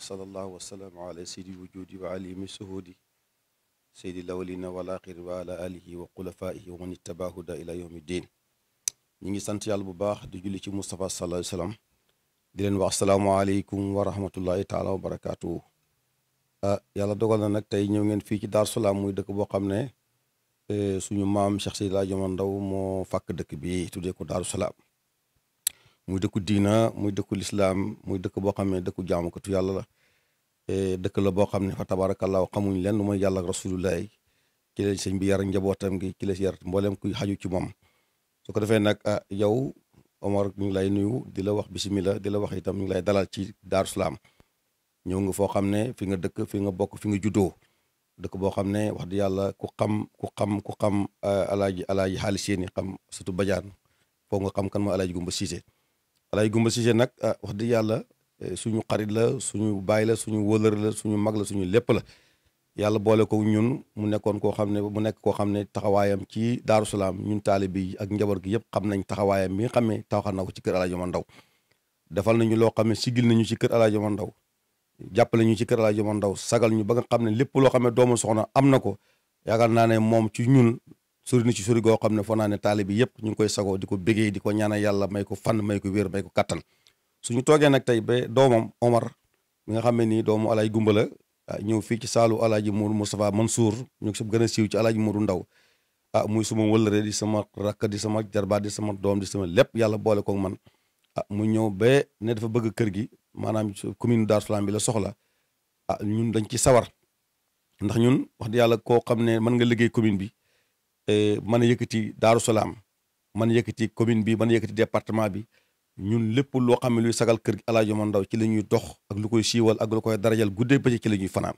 wa sallallahu wasallam ala seydi wujudi wa alimi suhudi seydi lawalina wal axiri wa ala alihi wa xulafaihi wa man ittabahuda ila yawmi din ñi ngi sant yàlla bu baax di julli ci Moustapha sallallahu alayhi wa sallam di leen wax salaamualeykum wa rahmatullahi taala wa barakaatuhu ah yàlla dogal na nag tey ñëw ngeen fii ci Daar Salaam muy dëkk boo xam ne eh, suñu maam Cheikh Seydi Laaji Ndaw moo fàkk dëkk bi tuddee ko Daaru Salaam muy dëkku diina muy dëkku lislaam muy dëkk boo xam ne dëkku jaamukatu yàlla la e, dëkk la boo xam ne fa tabaarakallaahu xamuñ leen lu mooy yàlla ak rasulullahi ci leen sëñ bi yar njabootam gi ci la si yar mbooleem kuy xaju ci moom su ko defee nag ah, yow Omar ñu ngi lay nuyu di la wax bisimilah di la wax itam ñu ngi lay dalal ci Daaru Salaam ñëw ngi foo xam ne fi nga dëkk fi nga bokk fi nga juddoo dëkk boo xam ne wax dëgg yàlla ku xam ku xam ku xam ah, alaaji alaaji xaalis yéen xam surtout bajaan foo nga xam kan ma alaaji Gumba Siise Alaaji Gumba Cissé nag ah, wax dëgg yàlla eh, suñu xarit la suñu baay la suñu wëlër la suñu mag la suñu lépp la yàlla boole ko ñun mu nekkoon koo xam ne mu nekk koo xam ne taxawaayam ci Daaru Salaam ñun taalibe yi ak njaboot gi yëpp xam nañ taxawaayam bi nga xam ne taxaw na ko ci kër Alaaji Omar Ndaw defal nañu loo xam ne sigil nañu ci kër Alaaji Omar Ndaw jàppale ñu ci kër Alaaji Omar Ndaw sagal ñu ba nga xam ne lépp loo xam ne doomu soxna am na ko yaakaar naa moom ci ñun sori na ci sori goo xam ne foo naa ne taalibe yëpp ñu ngi koy sagoo di ko bégee di ko ñaanal yàlla may ko fan may ko wér may ko kattan ñu toogee nag tey ba doomam Omar mi nga xam ne nii doomu alaaj gumbala ah, ñëw fii ci saalu alaaji Mourou Moustapha Mansour ñu ngi si gën a siiw ci alaaji Mourou Ndaw ah muy suma wëllëre di sama rakk di sama jarbaat di sama doom di sama lépp yàlla boole ko man ah mu ñëw ba ne dafa bëgg kër gi maanaam commune Darou Salam bi la soxla ah ñun dañ ci sawar ndax ñun wax dëgg yàlla koo xam ne mën nga liggéey commune bi man a yëkkati Daaru Salaam mën a yëkkati commune bi mën a yëkkati département bi ñun lépp loo xam ne luy sagal kër gi Alaaji Omar Ndaw ci la ñuy dox ak lu koy siiwal ak lu koy darajal guddee bëccëg ci la ñuy fanaan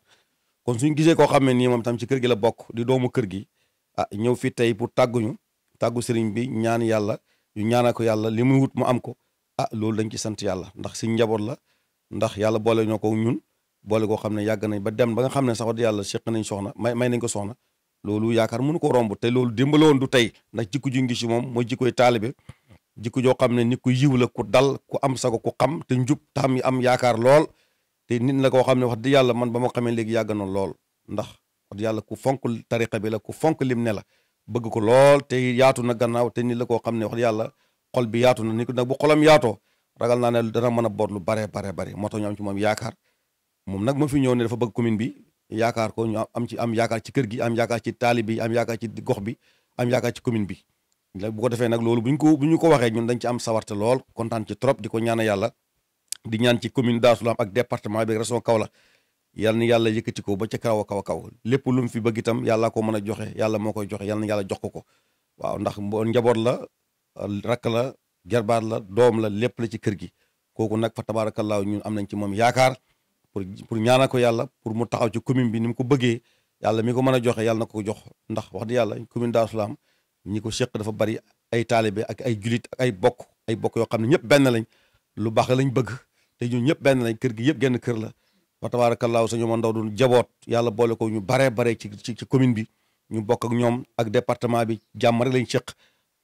kon suñu gisee koo xam ne nii moom tam ci kër gi la bokk di doomu kër gi a ah ñëw fi tey pour tàgguñu tàggu sëriñ bi ñaan yàlla ñu ñaanal ko yàlla li muy wut mu am ko a ah loolu dañ ci sant yàlla ndax si njaboot la ndax yàlla boole ñoo ko ñun boole koo xam ne yàgg nañ ba dem ba nga xam ne sax yàlla séq nañ soxna may may nañ ko soxna loolu yaakaar mënu ko romb te loolu dimbaloon du tey ndax jikko ju ngi si moom mooy jikkoy taalibe jikko joo xam ne ni ku yiw la ku dal ku am sago ku xam te njub tam am yaakaar lool te nin la koo xam ne wax dëgg yàlla man ba ma xamee léegi yàgg na lool ndax yàlla ku fonk tariqa bi la ku fonk lim ne la bëgg ko lool te yaatu na gannaaw te nit la koo xam ne wax dëgg yàlla xol bi yaatu na nit nag bu xolam yaatoo ragal naa ne dana mën a boot lu bare bare bare moo tax ñu moom yaakaar moom nag ma fi ñëw ne dafa bëgg commune bi yaakaar ko ñu am ci am yaakaar ci kër gi am yaakaar ci taalib bi am yaakaar ci gox bi am yaakaar ci commune bi bu ko defee nag loolu bu ñu ko bu ñu ko waxee ñun dañ ci am sawarte lool kontaan ci trop di ko ñaan yàlla di ñaan ci commune Darou Salam ak département bi région Kaolack yal na yàlla yëkkati ko ba ca kaw a kaw a kaw lépp lu mu fi bëgg itam yàlla ko mën a joxe yàlla moo koy joxe yal na yàlla jox ko ko waaw ndax njaboot la rakk la gerbaat la doom la lépp la ci kër gi kooku nag fa tabaarakallaahu ñun am nañ ci moom yaakaar pour pour ñaanal ko yàlla pour mu taxaw ci commune bi ni mu ko bëggee yàlla mi ko mën a joxe yàlla na ko jox ndax wax dëgg yàlla commune Darou Salam ñi ko seq dafa bari ay taalibe ak ay julit ay bokk ay bokk yoo xam ne ñëpp benn lañ lu baax lañ bëgg te ñun ñëpp benn lañ kër gi yëpp genn kër la wa tabaarakallaahu sañu ma ndaw doon jaboot yàlla boole ko ñu baree bare ci ci commune bi ñu bokk ak ñoom ak département bi jàmm lañ seq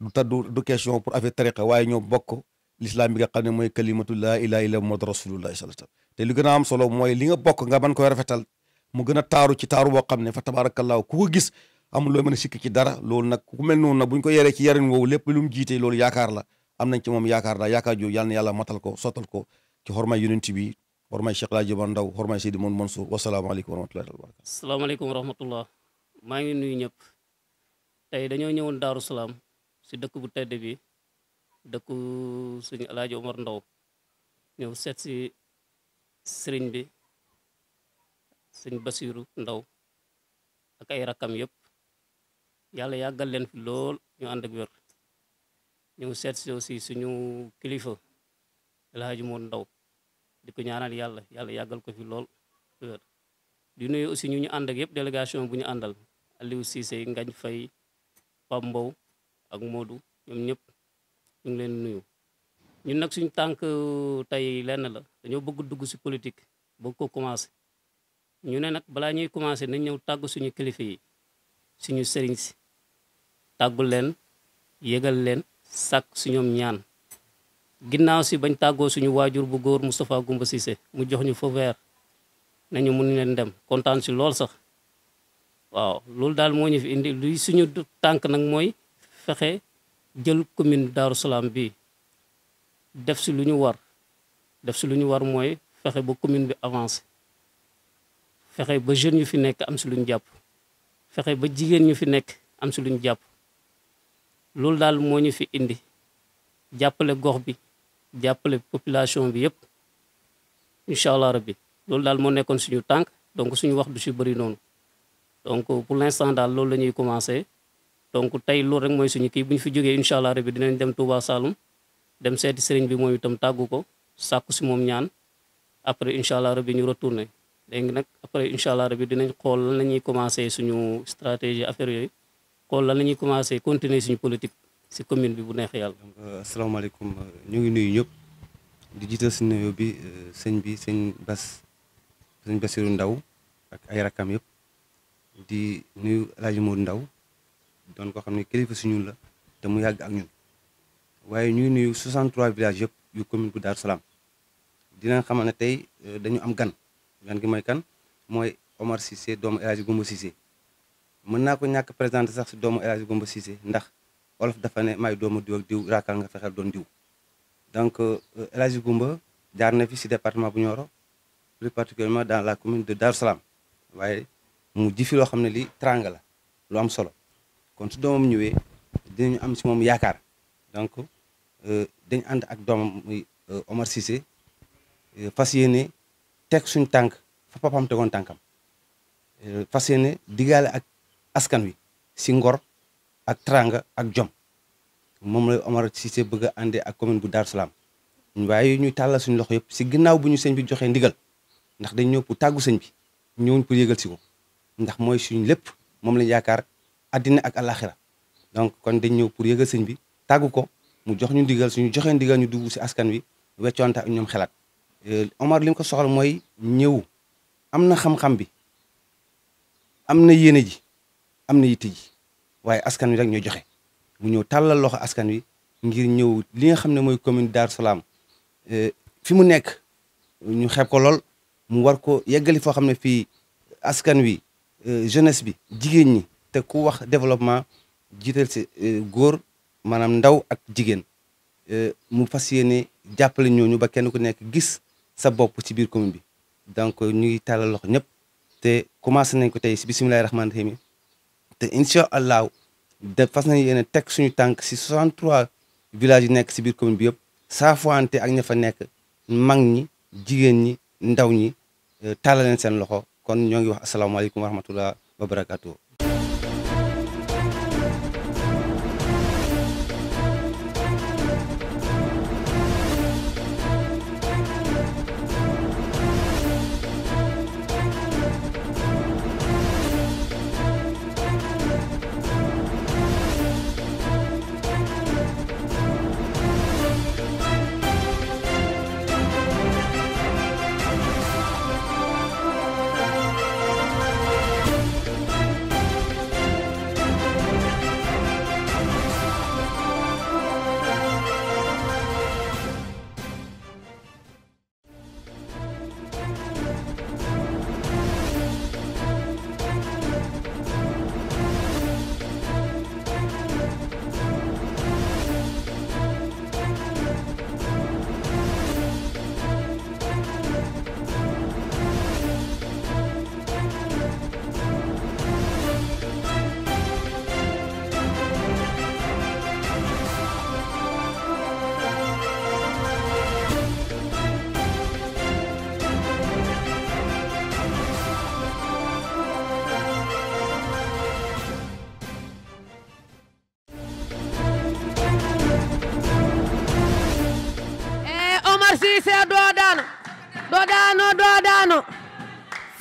du taddu du question pour affaire tariqa waaye ñoo bokk l'islam bi nga xam ne mooy kalimatu laa ilaaha illa muhammad rasulullahi sallallahu alayhi wa te li gën a am solo mooy li nga bokk nga mën koy rafetal mu gën a taaru ci taaru boo xam ne fa tabaarakallaahu ku ko gis amul loo mën a sikk ci dara loolu nag ku mel noonu nag bu ñu ko yaree ci yarin woowu lépp lu mu jiite loolu yaakaar la am nañ ci moom yaakaar daal yaakaar jooju yàlla na yàlla matal ko sottal ko ci xormay yonent bi xormay Cheikh Laaji Ba Ndaw xormay Seydi Moon Mansour wasalaamaaleykum wa rahmatullahi wa barakatu asalaamaaleykum wa rahmatullah maa ngi nuyu ñëpp dañoo ñëwoon Daaru Salaam si dëkk bu tedd bi dëkku suñu Alaaji Omar Ndaw ñëw seet si sëriñ bi sëñ Basiiru Ndaw ak ay rakkam yëpp yàlla yàggal leen fi lool ñu ànd ak wér ñu ngi seet aussi suñu kilifa El Hadji Ndaw di ko ñaanal yàlla yàlla yàggal ko fi lool wér di nuyu aussi ñu ñu ànd ak yëpp délégation bu ñu àndal Aliou Cissé Ngañ Fay Pam Mbow ak Modou ñoom ñëpp ñu leen nuyu ñun nag suñu tànk euh, tey lenn la dañoo bëgg dugg si politique bëgg ko commencé ñu ne nag balaa ñuy commencé nañ ñëw tàgg suñu kilifa yi suñu sëriñ si tàggu leen yëgal leen sàkk su ñaan ginnaaw si bañ tàggoo suñu waajur bu góor Moustapha Goumba Cissé mu jox ñu feu vert nañu mun leen dem kontaan si lool sax waaw loolu daal moo ñu fi indi luy suñu tànk nag mooy fexe jël commune Darou Salam bi def si lu ñu war def si lu ñu war mooy fexe ba commune bi avancé fexe ba jeunes yu fi nekk am si lu ñu jàpp fexe ba jigéen ñu fi nekk am si lu ñu jàpp loolu daal moo ñu fi indi jàppale gox bi jàppale population bi yëpp incha allah rabbi loolu daal moo nekkoon suñu tànk donc suñu wax du si bari noonu donc pour l'instant daal loolu la ñuy commencé donc tey loolu rek mooy suñu kii bu ñu fi jógee incha allah rabbi dinañ dem Touba Saloum dem seeti sëriñ bi moom itam tàggu ko sàkku si moom ñaan après incha allah rabi ñu retourné léegi nag après incha allah rabi dinañ xool lan la ñuy commencé suñu stratégie affaire yooyu xool lan la ñuy commencé continuer suñu politique si commune bi bu neex yàlla. Euh, asalaamaaleykum euh, ñu ngi nuyu ñëpp di jiital si nuyoo bi euh, sëñ bi seen Bas sëñ Basiru Ndaw ak ay rakkam yëpp di nuyu El moo Ndaw doon ko xam ne kilifa si ñun la te mu yàgg ak ñun waaye ñu ngi nuyu 63 villages yëpp yu commune bu Darou Salaam. dina xamal ne tey euh, dañu am gan gan gi mooy kan mooy Omar Cissé doomu El Hadj Goumba Cissé mën naa ko ñàkk présenté sax si doomu El Hadj Goumba ndax olof dafa ne maay doomu diw ak diw raakal nga fexeel doon diw donc euh, El Hadj Goumba jaar na fi si département bu Nioro plus particulièrement dans la commune de Darou Salam waaye mu ji fi loo xam ne lii tranga la lu am solo kon su doomam ñëwee dinañu am si moom yaakaar donc euh, dañ ànd ak doomam muy Omar Cissé Euh, fas yéene teg suñ tànk fa papam tegoon tànkam euh, fas yéene digaale ak askan wi si ngor ak tranga ak jom moom la Omar Cissé bëgg a àndee ak commune bu Darou Salaam waaye ñu tàllal suñ loxo yëpp si ginnaaw bu ñu sëñ bi joxe ndigal ndax dañ ñëw pour tàggu sëñ bi ñëwuñ pour yëgal si ko ndax mooy suñ lépp moom lañ yaakaar àddina ak alaxira donc kon dañ ñëw pour yëgal sëñ bi tàggu ko mu jox ñu digal suñu joxe ndigal ñu dugg si askan wi weccoonte ak ñoom xelaat Euh, Omar li mu ko soxal mooy ñëw am na xam-xam bi am na yéene ji am na yitte ji waaye askan wi rek ñoo joxe mu ñëw tàllal loxo askan wi ngir ñëw li nga xam ne mooy commune Darou Salaam euh, fi mu nekk ñu xeeb ko lool mu war ko yeggali foo xam ne fii askan wi euh, jeunesse bi jigéen ñi te ku wax développement jiital si góor maanaam ndaw ak jigéen mu fas yéene jàppale ñooñu ba kenn ku nekk gis sa bopp si biir commune bi donc ñu ngi tàllal loxo ñëpp te commencé nañ ko tey si bisimilahi rahmaani rahim te incha allahu de fas nañ yéene teg suñu tànk si 63 villages yi nekk si biir commune bi yëpp saafuwante ak ña fa nekk mag ñi jigéen ñi ndaw ñi tàllal leen seen loxo kon ñoo ngi wax asalaamaaleykum wa rahmatullah wa barakatuh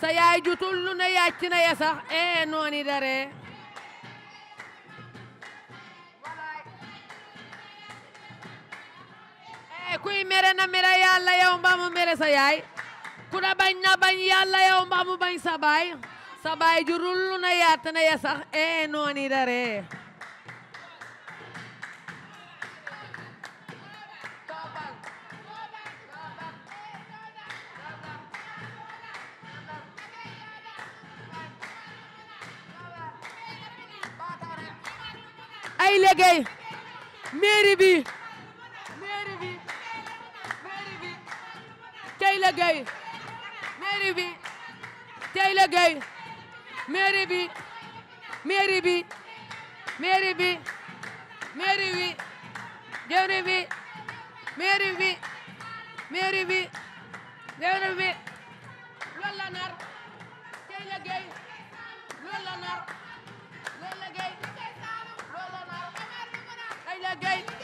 sa yaay ju tullu na yàccina ya sax ee eh, nooni dare ee eh, kuy mere na mere yàlla yow mbaa mu mere sa ku da bañ na bañ yàlla yow mbaa mu bañ sa baay sa baay ju rullu na yàtt na ya sax ee eh, nooni Yaya Gueye mairie bi mairie bi mairie la Gueye mairie bi tey la Gueye mairie bi mairie bi mairie bi mairie bi mairie la nar tey la Gueye Tyler Gate.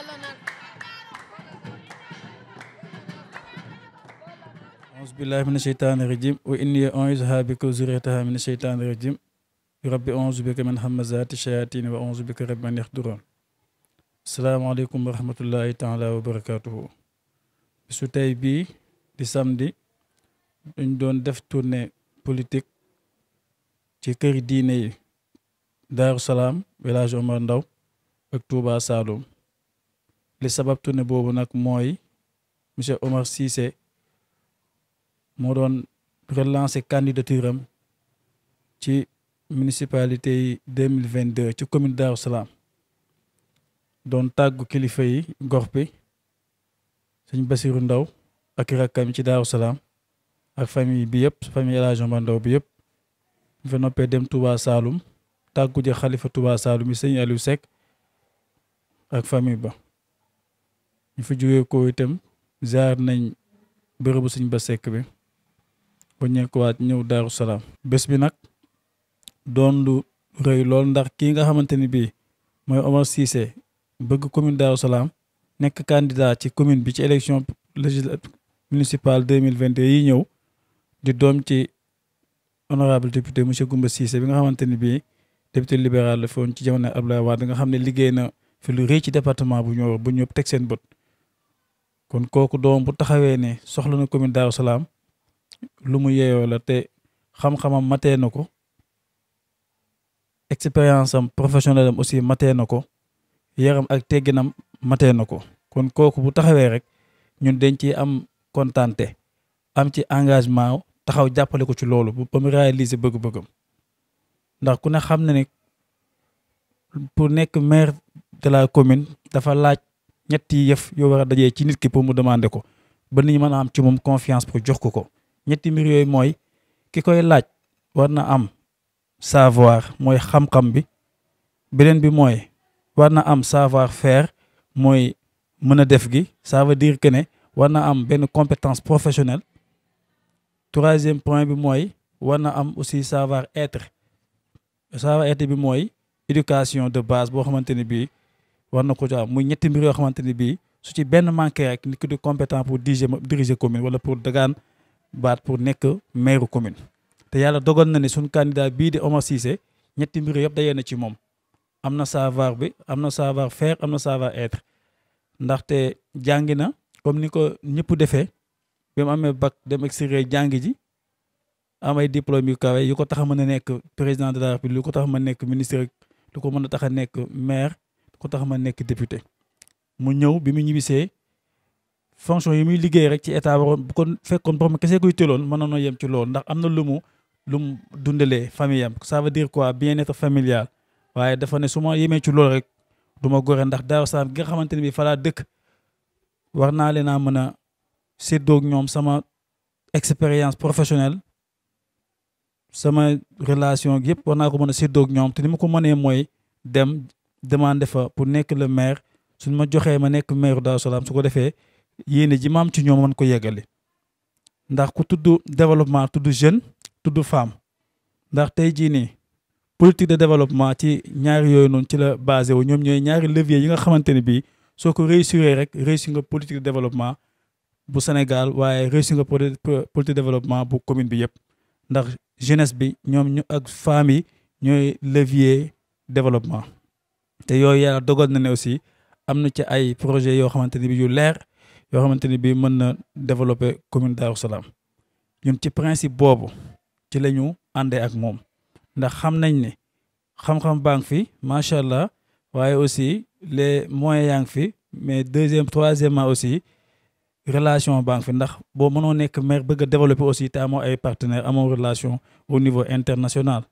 aus billahi mina sheytaani rajim wa inni u'iizuhaa bika wa zurriyatahaa mina sheytaani rajim rabbi auzu bika min hamazaati shayaatiini wa auzu bika rabbi an yahduruun asalaamaaleykum wa rahmatullahi taala wa barakaatuhu bisu tey di samedi dañ doon def tournée politique ci këri diine yi Daaru village Omar Ndaw ak Touba li sabab tournée boobu nag mooy monsieur Omar Cissé moo doon relancer candidature am ci municipalité yi deux mille vingt deux ci commune Darou Salaam doon tàggu kilifa yi gox bi sëñ Basiru Ndaw ak rakkam ci Darou Salaam ak famille bi yëpp famille El Hadj Omar Ndaw bi yëpp ñu fa noppee dem Touba Saloum tàggu ji xalifa Touba Saloum yi sëñ Aliou Seck ak famille ba ñu fa jógee ko itam ziar nañ bërëbu sëñ ba sekk bi ba ñekkuwaat ñëw daaru salaam bés bi nag doon lu rëy lool ndax kii nga xamante ni bii mooy Omar Cissé bëgg commune daaru salaam nekk candidat ci commune bi ci élection législative municipale 2022 yi ñëw di doom ci honorable député monsieur Goumba Cissé bi nga xamante ni bii député libéral la foon ci jamono Abdoulaye Wade nga xam ne liggéey na fi lu rëy ci département bu Nioro bu ñëpp teg seen bët kon kooku doom bu taxawee ne soxla na commune Daaru Salaam lu mu yeeyoo la te xam-xamam matee na ko expérience am professionnel am aussi matee na ko yaram ak tegginam matee na ko kon kooku bu taxawee rek ñun dañ ci am kontante am ci engagement taxaw jàppale ko ci loolu ba mu réaliser bëgg-bëggam ndax ku ne xam na ne pour nekk maire de la commune dafa laaj ñetti yëf yoo war a dajee ci nit ki pour mu demander ko ba nit ñi mën a am ci moom confiance pour jox ko ko ñetti mbir yooyu mooy ki koy laaj war na am savoir mooy xam-xam bi beneen bi mooy war na am savoir faire mooy mën a def gi ça veut dire que ne war na am benn compétence professionnelle troisième point bi mooy war na am aussi savoir être savoir être bi mooy éducation de base boo xamante ne bii war na ko jox muy ñetti mbir yoo xamante ni bii su ci benn manqué rek nit ki du compétent pour diriger diriger commune wala pour dagaan baat pour nekk maire commune. te yàlla dogal na ne suñ candidat bii di Omar Cissé ñetti mbir yëpp dajee na ci moom am na savoir bi am na savoir faire am na savoir être ndaxte jàngi na comme ni ko ñëpp defee bi mu amee bac dem extérieur jàngi ji. am ay diplôme yu kawe yu ko tax a mën a nekk président de la république lu ko tax a mën a nekk lu ko mën a tax a nekk maire ku tax ma nekk député mu ñëw bi mu ñibbisee fonction yi muy liggéey rek ci état waroon bu ko fekkoon borom kese kuy tëloon mënoon na yem ci lool ndax am na lu mu lu mu dundalee famille am ça dire quoi bien-être familial waaye dafa ne su ma yemee ci loolu rek du ma gore ndax Daaru Salaam gi nga xamante ne bii fa dëkk war naa leen a mën a séddoog ñoom sama expérience professionnel sama relation yëpp war naa ko mën a séddoog ñoom te ni ma ko mënee mooy demande fa pour nekk le maire suñ ma joxee ma nekk maire Daaru Salaam su ko defee yéene ji maam ci ñoom man ko yeggale ndax ku tudd développement tudd jeune tudd femme ndax tey jii nii politique de développement ci ñaari yooyu noon ci la basé wu ñoom ñooy ñaari levier yi nga xamante ne bii soo ko rek réussir nga politique de développement bu Sénégal waaye réussir nga politique de développement bu commune bi yëpp ndax jeunesse bi ñoom ñu ak femmes yi ñooy levier développement te yooyu yàlla dogal na ne aussi am na ci ay projet yoo xamante ni bi yu leer yoo xamante ni bi mën na développer commune Darou ñun ci principe boobu ci la ñu àndee ak moom ndax xam nañ ne xam-xam baa fi macha allah waaye aussi les moyens yaa ngi fi mais deuxième troisièmement aussi relation baa fi ndax boo mënoo nekk maire bëgg a développer aussi te amoo ay partenaires amoo relation au niveau international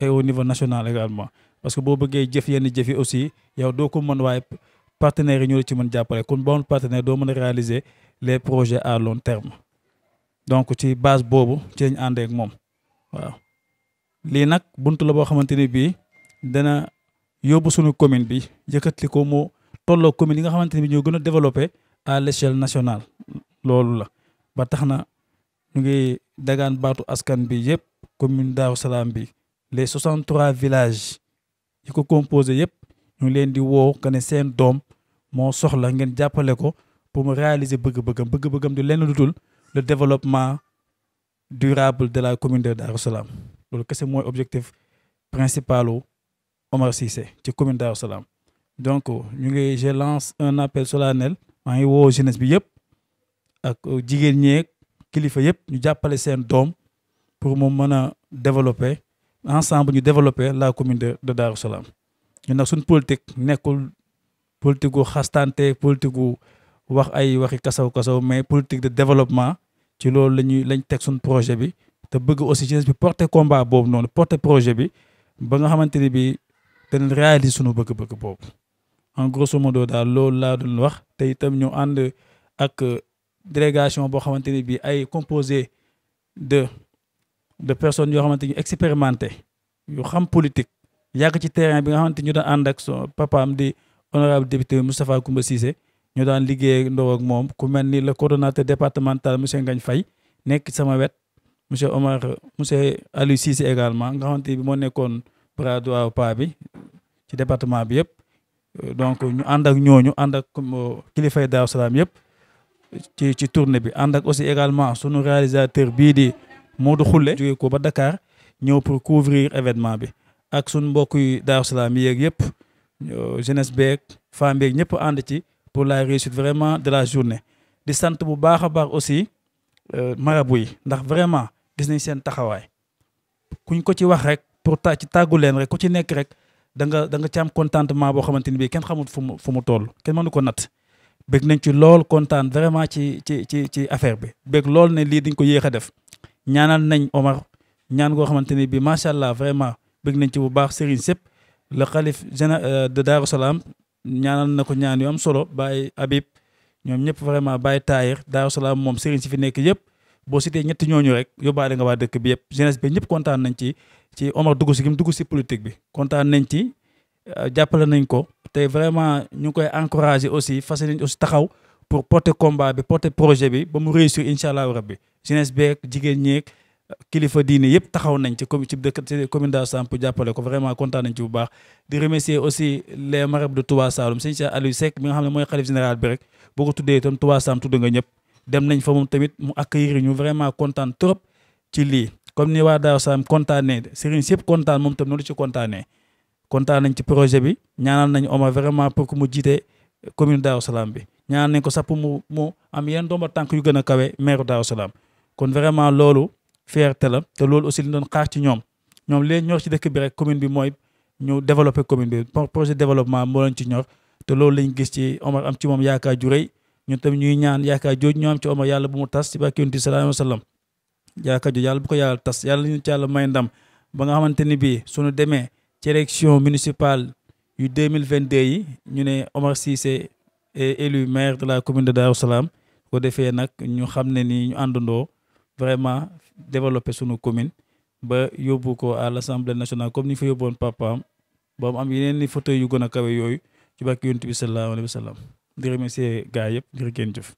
et au niveau national également parce que boo bëggee jëf yenn jëf aussi yow doo ko mën waaye partenaires yi ñoo ci mën jàppale kon bon partenaire doo mën réaliser les projets à long terme donc ci base boobu ci lañ àndee moom waaw. lii nag bunt la boo xamante ni bii dana yóbbu sunu commune bi yëkkatli ko mu tolloo commune yi nga xamante ne bii ñoo gën a développé à l'échelle nationale loolu la ba tax na ñu ngi dagaan baatu askan bi yëpp commune Darou Salam bi les 63 villages. yi ko composé yëpp ñu ngi leen di woo que ne seen doom moo soxla ngeen jàppale ko pour mu réaliser bëgg-bëggam bëgg-bëggam di lenn lu dul le développement durable de la commune de Darou Salam loolu kese mooy objectif principalu Omar Cissé ci commune Darou Salam donc ñu ngi je lance un appel solennel maa ngi woo jeunesse bi yëpp ak jigéen ñeeg kilifa yëpp ñu jàppale seen doom pour mu mën a développer ensemble ñu développer la commune de de Darou Salam ñun nag suñ politique nekkul politique gu xastante politique gu wax ay waxi kasaw kasaw mais politique de développement ci loolu la ñuy lañ teg suñ projet bi te bëgg aussi jeunesse bi porter combat boobu noonu porter projet bi ba nga xamante ni bi dañ réaliser sunu bëgg-bëgg boobu en grosso modo daal loolu laa doon wax te itam ñu ànd ak délégation boo xamante ni bi ay composé de de personnes yoo xamante ñu expérimenté yu xam politique yàgg ci terrain bi nga xamante ñu daan ànd ak son di honorable député Moustapha Koumba Cissé ñu daan liggéey ndoo ak moom ku mel ni la coordonnateur départemental monsieur ngañ fay nekk sama wet monsieur Omar monsieur Aliou Cissé également nga xamante bi moo nekkoon bras droit pa bi ci département bi yëpp donc ñu ànd ak ñooñu ànd ak euh, kilifay Daaru Salaam yëpp ci ci tournée bi ànd ak aussi également sunu réalisateur di Modou Khoule jóge ko ba Dakar ñëw pour couvrir événement bi ak sun mbokk yi Daaru Salaam yeeg yëpp jeunesse beeg ñëpp ànd ci pour la réussite vraiment de la journée di sant bu baax a baax aussi euh, marabu yi ndax vraiment gis nañ seen taxawaay kuñ ko ci wax rek pour ta ci tàggu leen rek ku ci nekk rek da nga da nga ci contentement boo xamante ni bii kenn xamut fu mu fu mu toll kenn mënu ko natt bëgg nañ ci lool kontaan vraiment ci ci ci ci affaire bi bég lool ne lii dañ ko yéex a def ñaanal nañ Omar ñaan goo xamante ni bi macha allah vraiment bëgg nañ ci bu baax Serigne Sepp le xalif général euh, de Darou Salaam ñaanal na ko ñaan yu am solo Baye Habib ñoom ñëpp vraiment Baye Tahir Darou Salaam moom Serigne si fi nekk yëpp boo cité ñetti ñooñu rek yóbbaale nga waa dëkk bi yëpp jeunesse bi ñëpp kontaan nañ ci ci Omar dugg si gi mu dugg si politique bi kontaan nañ ci euh, jàppale nañ ko te vraiment ñu ngi koy encouragé aussi fas nañ aussi taxaw. pour porter combat bi porter projet bi ba mu réussir incha allahu rabbi jeunesse beeg jigéen ñeeg kilifa diine yëpp taxaw nañ ci commune ci dëkk commune de Sam pour jàppale ko vraiment kontaan nañ ci bu baax. di remercier aussi les marabouts de Touba Saloum sëñ Cheikh Aliou Seck mi nga xam ne mooy xalif général bi rek boo ko tuddee itam Touba Sam tudd nga ñëpp dem nañ fa moom tamit mu accueillir ñu vraiment kontaan trop ci lii. comme ni waa Daaru Salaam kontaanee sëriñ si yëpp kontaan moom tam noonu ci kontaanee kontaan nañ ci projet bi ñaanal nañ Omar vraiment pour mu jiite commune Daaru Salaam bi. ñaan nañ ko sax pour mu mu am yenn doomba tànk yu gën a kawe meeru Daaru Salaam kon vraiment loolu fierté la te loolu aussi li doon xaar ci ñoom ñoom leen ñor ci dëkk bi rek commune bi mooy ñu développé commune bi projet développement moo leen ci ñor te loolu lañ gis ci Omar am ci moom yaakaar ju rëy ñun tamit ñuy ñaan yaakaar jooju ñu am ci Omar yàlla bu mu tas ci ba Yonent bi sallallahu alayhi wa sallam yaakaar jooju yàlla bu ko yàlla tas yàlla ñu ci yàlla may ndam ba nga xamante ni bii suñu demee ci élection municipale yu 2022 yi ñu ne Omar Cissé élu maire de la commune de Darou Salam ko defee nag ñu xam ne ni ñu àndandoo vraiment développe sunu commune ba yóbbu ko à l' assemblée nationale comme ni fa yóbboon papaam ba mu am yeneen ni fauteuil yu gën a kawe yooyu ci bàkk yonent bi sallallahu alayhi wa sallam di remercier gars yëpp ngir